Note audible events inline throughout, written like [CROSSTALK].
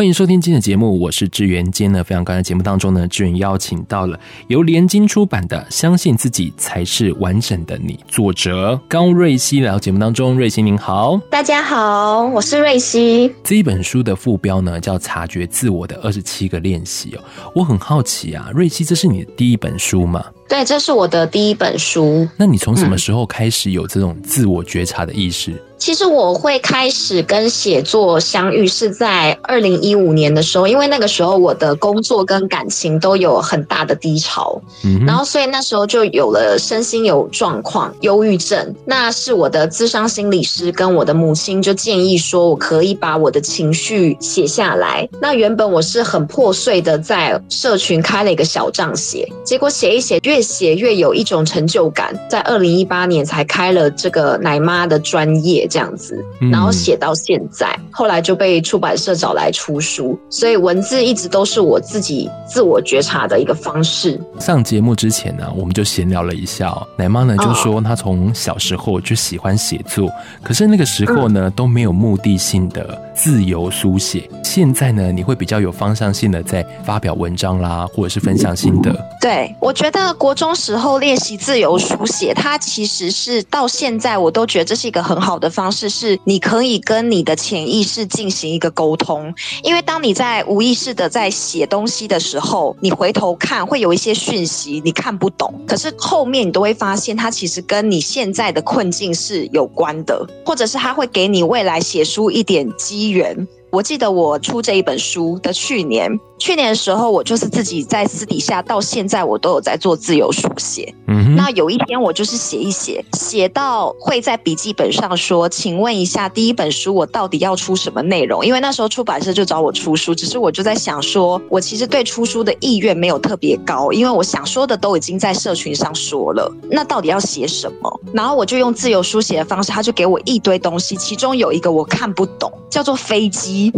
歡迎收聽今天的節目，我是智由。今天呢，非常高興節目當中呢，智由邀請到了由聯經出版的《相信自己才是完整的你》作者高瑞希，來到節目當中。瑞希您好，大家好，我是瑞希。這一本書的副標呢叫《察覺自我的二十七個練習》哦。我很好奇啊，瑞希，這是你的第一本書嗎？對，這是我的第一本書。那你從什麼時候開始有這種自我覺察的意識？嗯、其實我會開始跟寫作相遇是在二零一五年的時候，因為那個時候我的工作跟感情都有很大的低潮，嗯、哼然後所以那時候就有了身心有狀況，憂鬱症。那是我的諮商心理師跟我的母親就建議說，我可以把我的情緒寫下來。那原本我是很破碎的，在社群開了一個小帳寫，結果寫一寫越越寫越有一種成就感，在二零一八年才開了這個奶媽的專業這樣子，然後寫到現在，後來就被出版社找來出書，所以文字一直都是我自己自我覺察的一個方式。上節目之前呢，我們就閒聊了一下，哦，奶媽呢就說她從小時候就喜歡寫作，哦、可是那個時候呢都沒有目的性的。自由書寫，現在呢，你會比較有方向性的在發表文章啦，或者是分享心得。對，我覺得國中時候練習自由書寫，它其實是到現在我都覺得這是一個很好的方式，是你可以跟你的潛意識進行一個溝通。因為當你在無意識的在寫東西的時候，你回頭看會有一些訊息你看不懂，可是後面你都會發現它其實跟你現在的困境是有關的，或者是它會給你未來寫書一點基。一元，我記得我出這一本書的去年。去年的時候，我就是自己在私底下，到現在我都有在做自由書寫。嗯哼。那有一天，我就是寫一寫，寫到會在筆記本上說：“請問一下，第一本書我到底要出什麼內容？”因為那時候出版社就找我出書，只是我就在想說，我其實對出書的意願沒有特別高，因為我想說的都已經在社群上說了，那到底要寫什麼？然後我就用自由書寫的方式，他就給我一堆東西，其中有一個我看不懂，叫做飛機。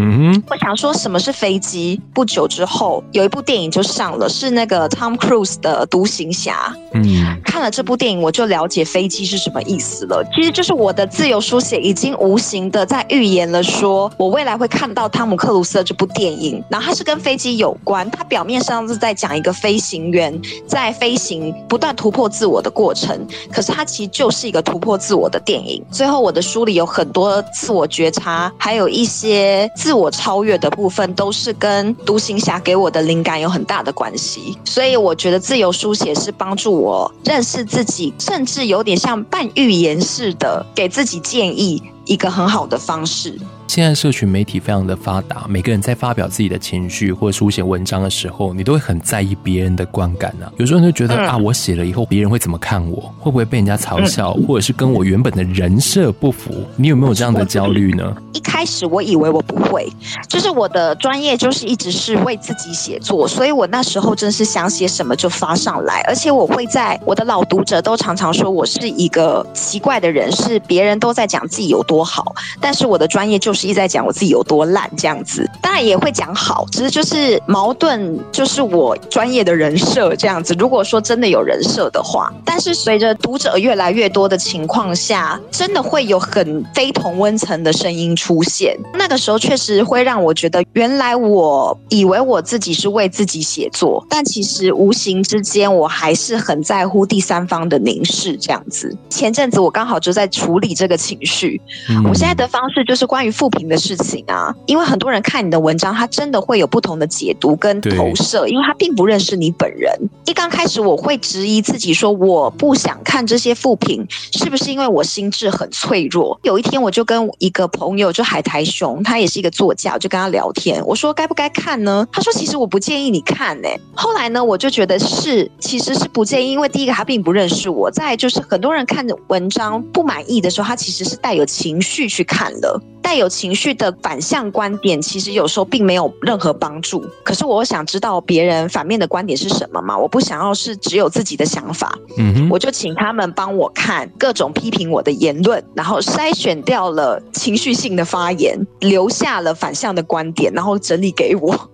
嗯， [MUSIC] 我想說什麼是飛機？不久之後有一部電影就上了，是那個 Tom Cruise 的《獨行俠》。嗯， [MUSIC] 看了這部電影，我就了解飛機是什麼意思了。其實就是我的自由書寫已經無形的在預言了說，說我未來會看到湯姆·克魯斯這部電影，然後它是跟飛機有關。它表面上是在講一個飛行員在飛行不斷突破自我的過程，可是它其實就是一個突破自我的電影。最後，我的書裡有很多自我覺察，還有一些。自我超越的部分，都是跟《獨行俠》給我的靈感有很大的關係，所以我覺得自由書寫是幫助我認識自己，甚至有點像半預言式的，給自己建議一個很好的方式。現在社群媒體非常的發達，每個人在發表自己的情緒或者書寫文章的時候，你都會很在意別人的觀感啊。有時候你會覺得啊，我寫了以後別人會怎麼看我？會不會被人家嘲笑，或者是跟我原本的人設不符？你有沒有這樣的焦慮呢？一開始我以為我不會，就是我的專業就是一直是為自己寫作，所以我那時候真是想寫什麼就發上來，而且我會在我的老讀者都常常說我是一個奇怪的人，是別人都在講自己有多好，但是我的專業就是。一直在講我自己有多爛這樣子，當然也會講好，其實就是矛盾，就是我專業的人設這樣子。如果說真的有人設的話，但是隨着讀者越來越多的情況下，真的會有很非同溫層的聲音出現。那個時候確實會讓我覺得，原來我以為我自己是為自己寫作，但其實無形之間，我還是很在乎第三方的凝視這樣子。前陣子我剛好就在處理這個情緒，我現在的方式就是關於父。評的事情啊，因為很多人看你的文章，他真的會有不同的解讀跟投射，因為他並不認識你本人。一剛開始，我會質疑自己說，我不想看這些負評，是不是因為我心智很脆弱？有一天，我就跟一個朋友，就海苔熊，他也是一個作家，我就跟他聊天，我說該不該看呢？他說其實我不建議你看、欸。呢。後來呢，我就覺得是，其實是不建議，因為第一個他並不認識我，再就是很多人看文章不滿意的時候，他其實是帶有情緒去看的，帶有。情緒的反向觀點，其實有時候並沒有任何幫助。可是我想知道別人反面的觀點是什麼嘛？我不想要是只有自己的想法。嗯哼，我就請他們幫我看各種批評我的言論，然後篩選掉了情緒性的發言，留下了反向的觀點，然後整理給我。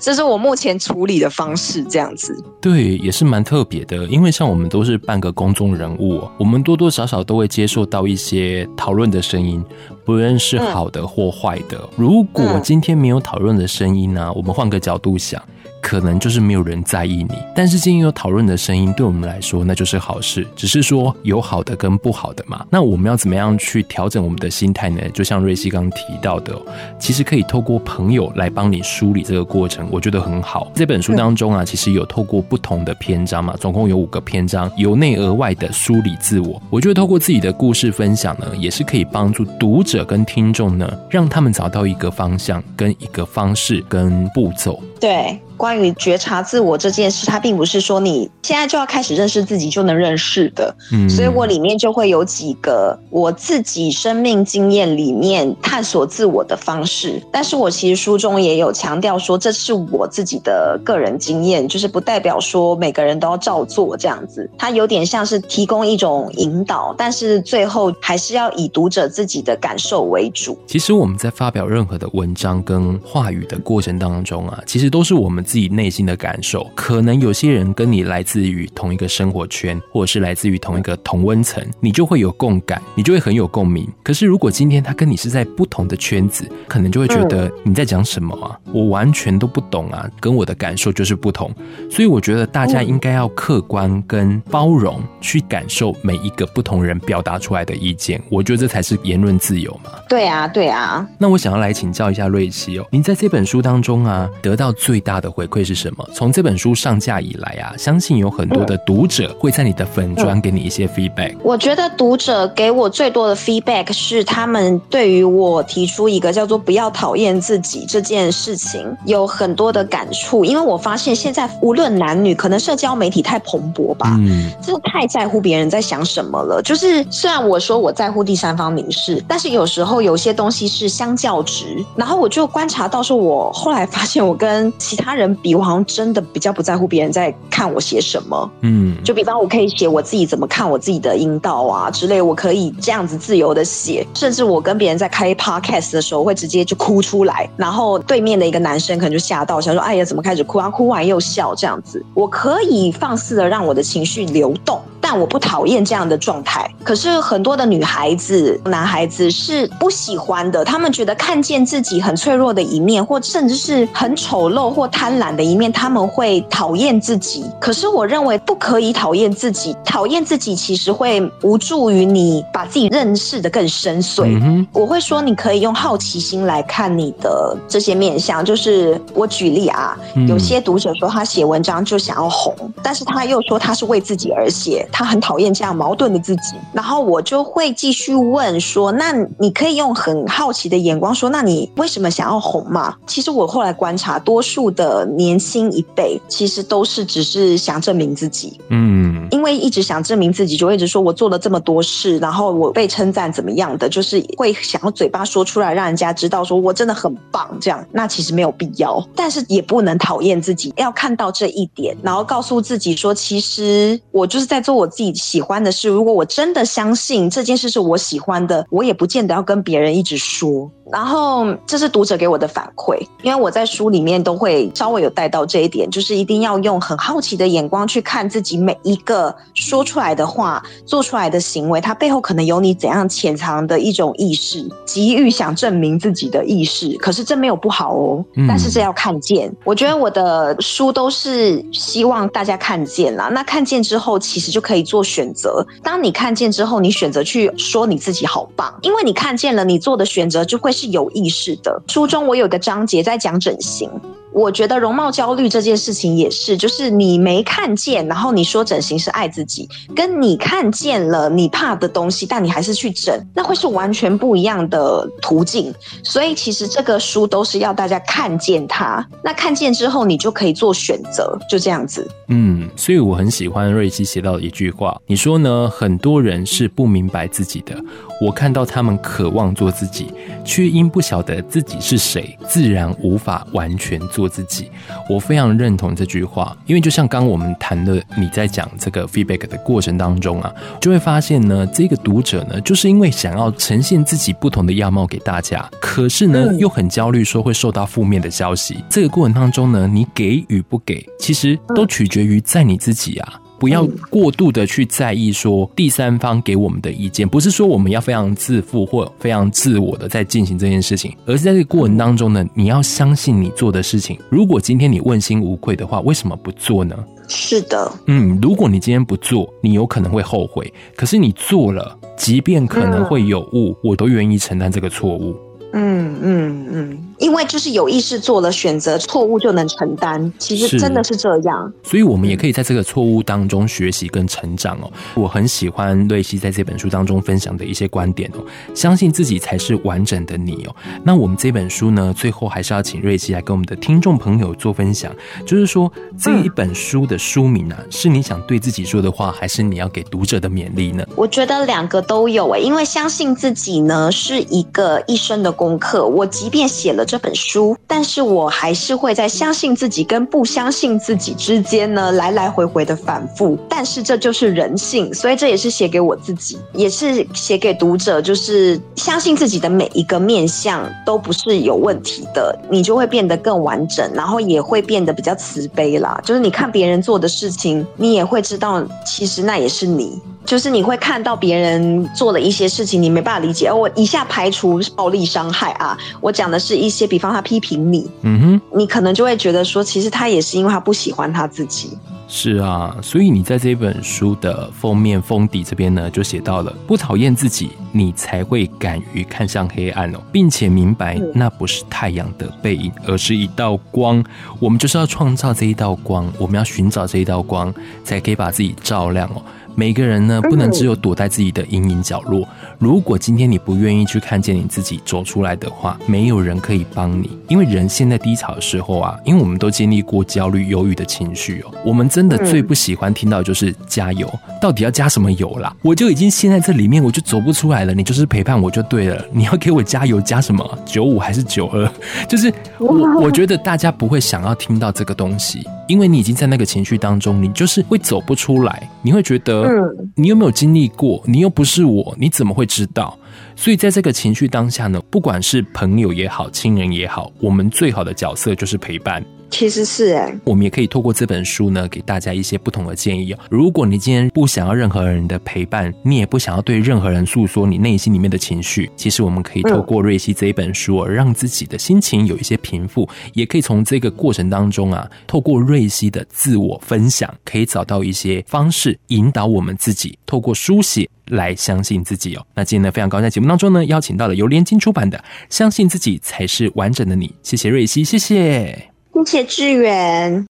這是我目前處理的方式，這樣子。對，也是蠻特別的，因為像我們都是半個公眾人物，我們多多少少都會接受到一些討論的聲音。不論是好的或壞的，如果今天沒有討論的聲音呢？我們換個角度想。可能就是沒有人在意你，但是既然有討論的聲音，對我們來說那就是好事。只是說有好的跟不好的嘛。那我們要怎麼樣去調整我們的心態呢？就像瑞希剛提到的，其實可以透過朋友來幫你梳理這個過程，我覺得很好。這本書當中啊，其實有透過不同的篇章嘛，總共有五個篇章，由內而外的梳理自我。我覺得透過自己的故事分享呢，也是可以幫助讀者跟聽眾呢，讓他們找到一個方向、跟一個方式、跟步驟。對，關於覺察自我這件事，它並不是說你現在就要開始認識自己就能認識的。嗯，所以我裡面就會有幾個我自己生命經驗裡面探索自我的方式。但是我其實書中也有強調說，這是我自己的個人經驗，就是不代表說每個人都要照做這樣子。它有點像是提供一種引導，但是最後還是要以讀者自己的感受為主。其實我們在發表任何的文章跟話語的過程當中啊，其實。都是我們自己內心的感受，可能有些人跟你來自於同一個生活圈，或者是來自於同一個同溫層，你就會有共感，你就會很有共鳴。可是如果今天他跟你是在不同的圈子，可能就會覺得、嗯、你在講什麼啊，我完全都不懂啊，跟我的感受就是不同。所以我覺得大家應該要客觀跟包容、嗯、去感受每一個不同人表達出來的意見，我覺得這才是言論自由嘛。對啊，對啊。那我想要來請教一下瑞希哦，您在這本書當中啊得到。最大的回饋是什麼？從這本書上架以來啊，相信有很多的讀者會在你的粉專給你一些 feedback。我覺得讀者給我最多的 feedback 是他們對於我提出一個叫做“不要討厭自己”這件事情有很多的感觸。因為我發現現在無論男女，可能社交媒體太蓬勃吧，嗯，就太在乎別人在想什麼了。就是雖然我說我在乎第三方凝視，但是有時候有些東西是相較值。然後我就觀察到，說我後來發現我跟其他人比，我好像真的比較不在乎別人在看我寫什麼。嗯，就比方我可以寫我自己怎麼看我自己的陰道啊之類，我可以這樣子自由的寫，甚至我跟別人在開 Podcast 的時候，會直接就哭出來，然後對面的一個男生可能就嚇到，想說：“哎呀，怎麼開始哭啊？哭完又笑這樣子。”我可以放肆的讓我的情緒流動。但我不討厭這樣的狀態，可是很多的女孩子、男孩子是不喜歡的。他們覺得看見自己很脆弱的一面，或甚至是很醜陋或貪婪的一面，他們會討厭自己。可是我認為不可以討厭自己，討厭自己其實會無助於你把自己認識得更深邃。嗯、哼我會說，你可以用好奇心來看你的這些面向。就是我舉例啊，有些讀者說他寫文章就想要紅，嗯、但是他又說他是為自己而寫。他很討厭這樣矛盾的自己，然後我就會繼續問說：“那你可以用很好奇的眼光說，那你為什麼想要紅嘛？”其實我後來觀察，多數的年輕一輩其實都是只是想證明自己，嗯，因為一直想證明自己，就一直說我做了這麼多事，然後我被稱讚怎麼樣的，就是會想要嘴巴說出來，讓人家知道說我真的很棒。這樣那其實沒有必要，但是也不能討厭自己，要看到這一點，然後告訴自己說，其實我就是在做。我自己喜歡的事，如果我真的相信這件事是我喜歡的，我也不見得要跟別人一直說。然後這是讀者給我的反饋，因為我在書裡面都會稍微有帶到這一點，就是一定要用很好奇的眼光去看自己每一個說出來的話、做出來的行為，它背後可能有你怎樣潛藏的一種意識，急於想證明自己的意識。可是這沒有不好哦，但是這要看見。嗯。我覺得我的書都是希望大家看見啦，那看見之後其實就可以做選擇。當你看見之後，你選擇去說你自己好棒，因為你看見了，你做的選擇就會。是有意識的。書中我有個章節在講整形。我覺得容貌焦慮這件事情也是，就是你沒看見，然後你說整形是愛自己，跟你看見了你怕的東西，但你還是去整，那會是完全不一樣的途徑。所以其實這個書都是要大家看見它，那看見之後你就可以做選擇，就這樣子。嗯，所以我很喜歡瑞希寫到的一句話，你說呢？很多人是不明白自己的，我看到他們渴望做自己，卻因不曉得自己是誰，自然無法完全做。做自己，我非常認同這句話，因為就像剛我們談的，你在講這個 feedback 的過程當中啊，就會發現呢，這個讀者呢，就是因為想要呈現自己不同的樣貌給大家，可是呢，又很焦慮說會受到負面的消息。這個過程當中呢，你給與不給，其實都取決於在你自己啊。不要過度的去在意說第三方給我們的意見，不是說我們要非常自負或者非常自我的在進行這件事情，而是在這個過程當中呢，你要相信你做的事情。如果今天你問心無愧的話，為什麼不做呢？是的，嗯，如果你今天不做，你有可能會後悔。可是你做了，即便可能會有誤，嗯、我都願意承擔這個錯誤。嗯嗯嗯。嗯嗯因為就是有意識做了選擇，錯誤就能承擔，其實真的是這樣。所以，我們也可以在這個錯誤當中學習跟成長哦。嗯、我很喜歡瑞希在這本書當中分享的一些觀點哦。相信自己才是完整的你哦。那我們這本書呢，最後還是要請瑞希來跟我們的聽眾朋友做分享。就是說，這一本書的書名啊，嗯、是你想對自己說的話，還是你要給讀者的勉勵呢？我覺得兩個都有誒、欸，因為相信自己呢，是一個一生的功課。我即便寫了。這本書，但是我還是會在相信自己跟不相信自己之間呢，來來回回的反覆但是這就是人性，所以這也是寫給我自己，也是寫給讀者，就是相信自己的每一個面相都不是有問題的，你就會變得更完整，然後也會變得比較慈悲啦。就是你看別人做的事情，你也會知道，其實那也是你。就是你會看到別人做的一些事情，你沒辦法理解。而我一下排除暴力傷害啊，我講的是一些，比方他批評你，嗯哼，你可能就會覺得說，其實他也是因為他不喜歡他自己。是啊，所以你在這本書的封面封底這邊呢，就寫到了，不討厭自己，你才會敢於看向黑暗哦，並且明白那不是太陽的背影，而是一道光。我們就是要創造這一道光，我們要尋找這一道光，才可以把自己照亮哦。每個人呢，不能只有躲在自己的陰影角落。如果今天你不願意去看見你自己走出來的話，沒有人可以幫你。因為人現在低潮的時候啊，因為我們都經歷過焦慮、憂鬱的情緒哦、喔，我們真的最不喜歡聽到就是加油。到底要加什麼油啦？我就已經陷在這裡面，我就走不出來了。你就是陪伴我就對了。你要給我加油，加什麼？九五還是九二？就是我，我覺得大家不會想要聽到這個東西。因為你已經在那個情緒當中，你就是會走不出來。你會覺得，你有沒有經歷過，你又不是我，你怎麼會知道？所以，在這個情緒當下呢，不管是朋友也好，親人也好，我們最好的角色就是陪伴。其實是哎我們也可以透過這本書呢，給大家一些不同的建議哦。如果你今天不想要任何人的陪伴，你也不想要對任何人訴說你內心裡面的情緒，其實我們可以透過瑞希這一本書，哦，而讓自己的心情有一些平復，也可以從這個過程當中啊，透過瑞希的自我分享，可以找到一些方式，引導我們自己透過書寫來相信自己哦。那今天呢，非常高興在節目當中呢，邀請到了由聯經出版的《相信自己才是完整的你》，謝謝瑞希，謝謝。並且致遠。